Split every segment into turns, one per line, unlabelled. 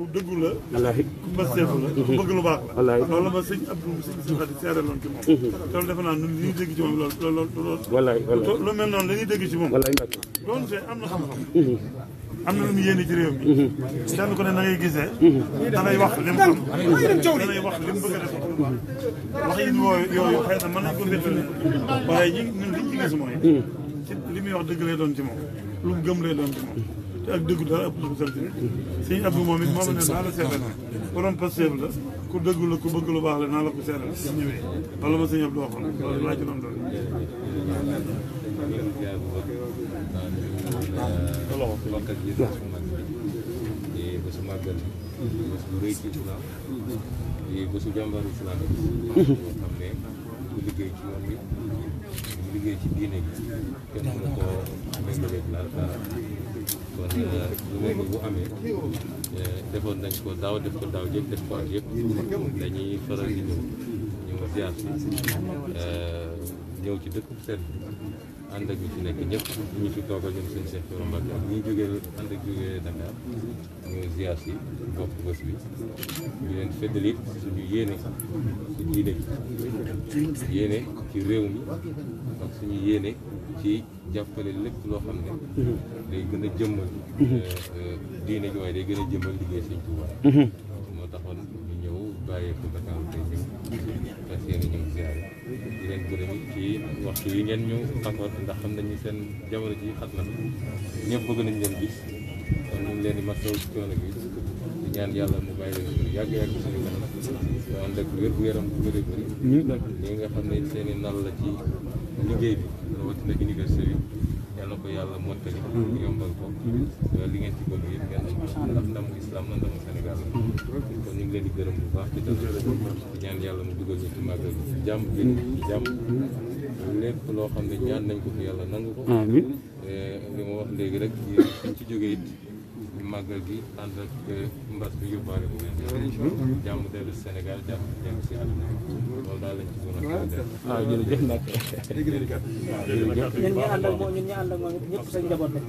ku dëggu la. wallaahi ku mbësteefu la. ku bëgg lu baax la. wallaahi loolu la ma sëñ Abdou sëñ Abdou Khadi seereeloon ci moom. Mhm. loolu defe naa ñun li ñuy ci moom loolu loolu mel noonu la ñuy ci moom. wallaahi ndax am na xam-xam. Mhm. am na lu mu yéene ci réew mi. Mhm. kenn ku ne na ngay gisee. da ngay wax li mu xam. da ngay wax li mu bëgg a def. wax yi yooyu xëy li muy wax dëgg lay ci moom lu mu gëm lay doon ci moom ak dëggu dara ëpp na ko sant sëñ moom it moom ne naa la seetal borom pasteef la ku dëggu la ku bëgg lu baax la naa la ko seetal ñëwee wala ma sëñ Abdou waxoon loolu laa ci doon doon bokk ak li mag bi di bésu màggal di bésu rëy ci islam di bésu jàmbaru islam yoo xam ne ku liggéey ci yoon bi ku liggéey ci diine gi kenn mënu ko
bu amee
defoon nañ ko daaw def ko daaw jëpp def ko ak yëpp dañuy faral di ñëw ñëw ziar si ñëw ci dëkk bu sell ànd ak ñu ci nekk ñëpp ñu ci toogal ñoom seen Cheikh Thioro Mbacké ak ñi jógee ànd ak jógee Dakar ñooy ziar si bopp bés bi ñu leen feddali suñu yéene ci diine bi yéene ci réew mi ak suñu yéene ci jàppale lépp loo xam ne day gën a jëmmal euh, euh, diine ji waaye day gën a jëmmal liggéey Sëñ Tuubaa mm-hmm. moo taxoon ñu ñëw bàyyee ko di leen gërëm ci waxtu yi ngeen ñu tàngoor ndax xam nañu seen jamono ji xat na ñëpp bëgg nañ leen gis kon ñu ngi leen di masawu ci coono bi di ñaan yàlla mu bàyyi leen suñu yàgg-yàgg suñu kanam ñu ànd ak wér gu yaram bu bëri bëri li nga xam ne seen i nal la ci liggéey bi rawatina université bi yàlla ko yàlla mottali yombal ko li ngeen ci bëgg yëpp ndax ndamu islam la ndamu Sénégal la kon ñu ngi leen di gërëm bu baax ci dal di ñaan yàlla mu dugal ñu ci màggal ci jàmm génn ci jàmm lépp loo xam ne ñaan nañ ko fi yàlla nangu ko li ma wax léegi rek suñ ci jógee it ñu màggal gi ànd ak mbas bi yóbbaale bu ngeen jàmm dellu Sénégal jàmm dellu si àdduna loolu daal lañ ci gën a waaw jërëjëf nag jërëjëf ñun ñu ànd ak moom ñun ñu ànd ak moom ñëpp sa njaboot la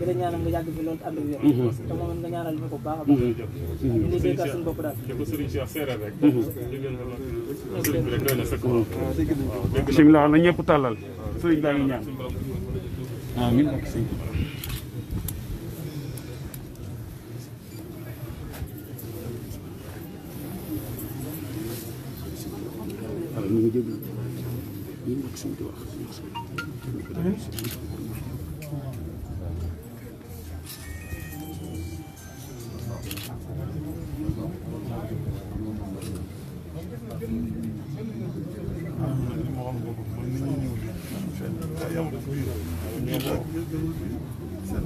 dina ñaanal nga yàgg fi loolu ànd ak wér te moom nga ñaanal ñu ko baax a baax ñu liggéey ka suñu bopp daal ko Serigne Cheikh seeral rek sëriñ bi rek doy na sëkk waaw bismillah na ñëpp tàllal sëriñ baa ngi ñaan amiin ak sëriñ ñu ngi déglu ñu ngi suñu di wax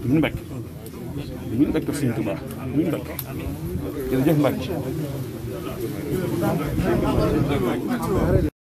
ñu mbàkk ñu mbàkk sëñ Tuubaa ñu mbàkk jërëjëf mbàkk